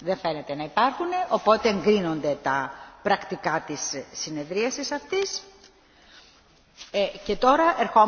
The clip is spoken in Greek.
δεν φαίνεται να υπάρχουν, οπότε εγκρίνονται τα πρακτικά της συνεδρίασης αυτής. Ε, και τώρα ερχόμαστε